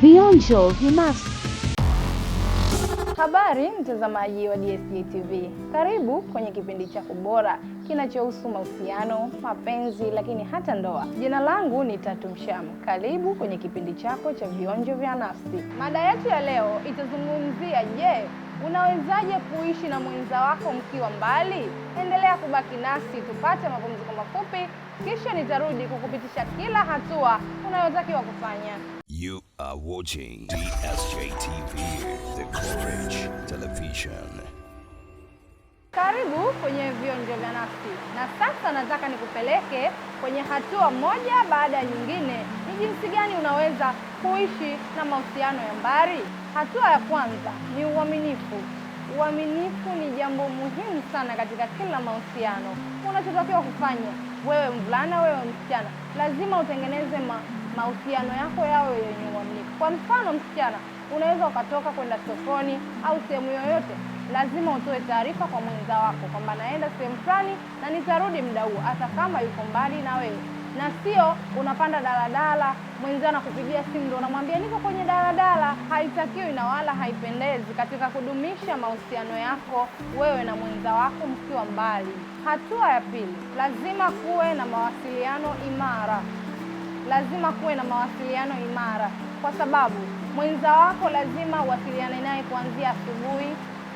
Vionjo vimasi. Habari mtazamaji wa DSJ TV, karibu kwenye kipindi chako bora kinachohusu mahusiano, mapenzi, lakini hata ndoa. Jina langu ni Tatu msham Karibu kwenye kipindi chako cha vionjo vya nafsi. Mada yetu ya leo itazungumzia je, unawezaje kuishi na mwenza wako mkiwa mbali? Endelea kubaki nasi tupate mapumziko mafupi, kisha nitarudi kukupitisha kila hatua unayotakiwa kufanya. You are watching DSJ TV, The Courage Television. Karibu kwenye vionjo vya nafsi, na sasa nataka nikupeleke kwenye hatua moja baada ya nyingine, ni jinsi gani unaweza kuishi na mahusiano ya mbali. Hatua ya kwanza ni uaminifu. Uaminifu ni jambo muhimu sana katika kila mahusiano. Unachotakiwa kufanya wewe mvulana, wewe msichana, lazima utengeneze ma mahusiano yako yawe yenye uaminifu. Kwa mfano, msichana, unaweza ukatoka kwenda sokoni au sehemu yoyote, lazima utoe taarifa kwa mwenza wako kwamba naenda sehemu fulani na nitarudi muda huu, hata kama yuko mbali na wewe, na sio unapanda daladala mwenza anakupigia simu ndo unamwambia niko kwenye daladala. Haitakiwi na wala haipendezi katika kudumisha mahusiano yako wewe na mwenza wako mkiwa mbali. Hatua ya pili, lazima kuwe na mawasiliano imara lazima kuwe na mawasiliano imara, kwa sababu mwenza wako lazima uwasiliane naye kuanzia asubuhi,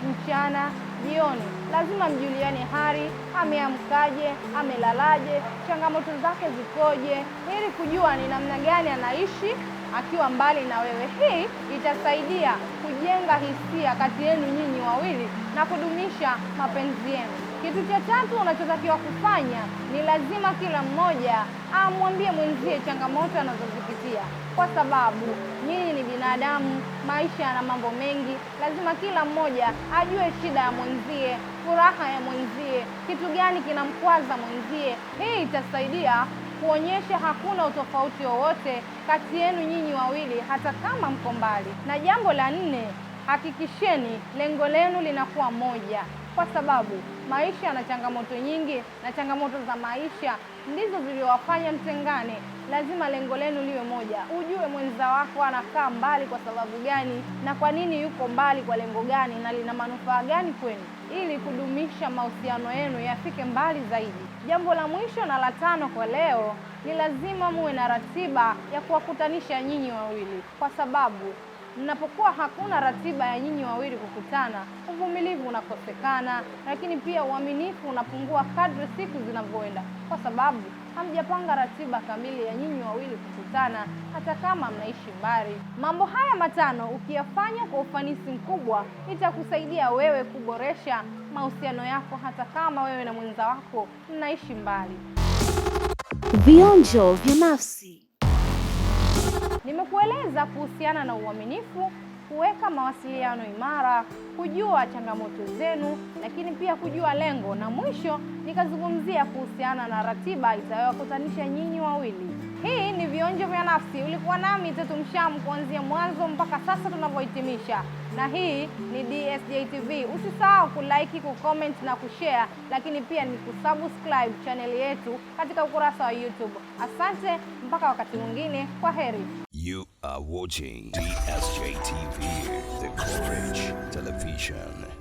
mchana, jioni. Lazima mjuliane hali, ameamkaje, amelalaje, changamoto zake zikoje, ili kujua ni namna gani anaishi akiwa mbali na wewe. Hii itasaidia kujenga hisia kati yenu nyinyi wawili na kudumisha mapenzi yenu. Kitu cha tatu unachotakiwa kufanya ni lazima kila mmoja amwambie mwenzie changamoto anazozipitia, kwa sababu nyinyi ni binadamu, maisha yana mambo mengi. Lazima kila mmoja ajue shida ya mwenzie, furaha ya mwenzie, kitu gani kinamkwaza mwenzie. Hii itasaidia kuonyesha hakuna utofauti wowote kati yenu nyinyi wawili hata kama mko mbali. Na jambo la nne, hakikisheni lengo lenu linakuwa moja, kwa sababu maisha yana changamoto nyingi, na changamoto za maisha ndizo ziliwafanya mtengane. Lazima lengo lenu liwe moja, ujue mwenza wako anakaa mbali kwa sababu gani, na kwa nini yuko mbali, kwa lengo gani, na lina manufaa gani kwenu ili kudumisha mahusiano yenu yafike mbali zaidi. Jambo la mwisho na la tano kwa leo ni lazima muwe na ratiba ya kuwakutanisha nyinyi wawili, kwa sababu mnapokuwa hakuna ratiba ya nyinyi wawili kukutana, uvumilivu unakosekana, lakini pia uaminifu unapungua kadri siku zinavyoenda, kwa sababu hamjapanga ratiba kamili ya nyinyi wawili kukutana, hata kama mnaishi mbali. Mambo haya matano ukiyafanya kwa ufanisi mkubwa, itakusaidia wewe kuboresha mahusiano yako, hata kama wewe na mwenza wako mnaishi mbali. Vionjo vya nafsi nimekueleza kuhusiana na uaminifu kuweka mawasiliano imara, kujua changamoto zenu, lakini pia kujua lengo, na mwisho nikazungumzia kuhusiana na ratiba itayowakutanisha nyinyi wawili. Hii ni Vionjo vya Nafsi, ulikuwa nami Tatu kuanzia mwanzo mpaka sasa tunavyohitimisha, na hii ni DSJ TV. Usisahau kulike, kucomment na kushare, lakini pia ni kusubscribe chaneli yetu katika ukurasa wa YouTube. Asante, mpaka wakati mwingine, kwa heri. You are watching DSJ TV, the Courage Television.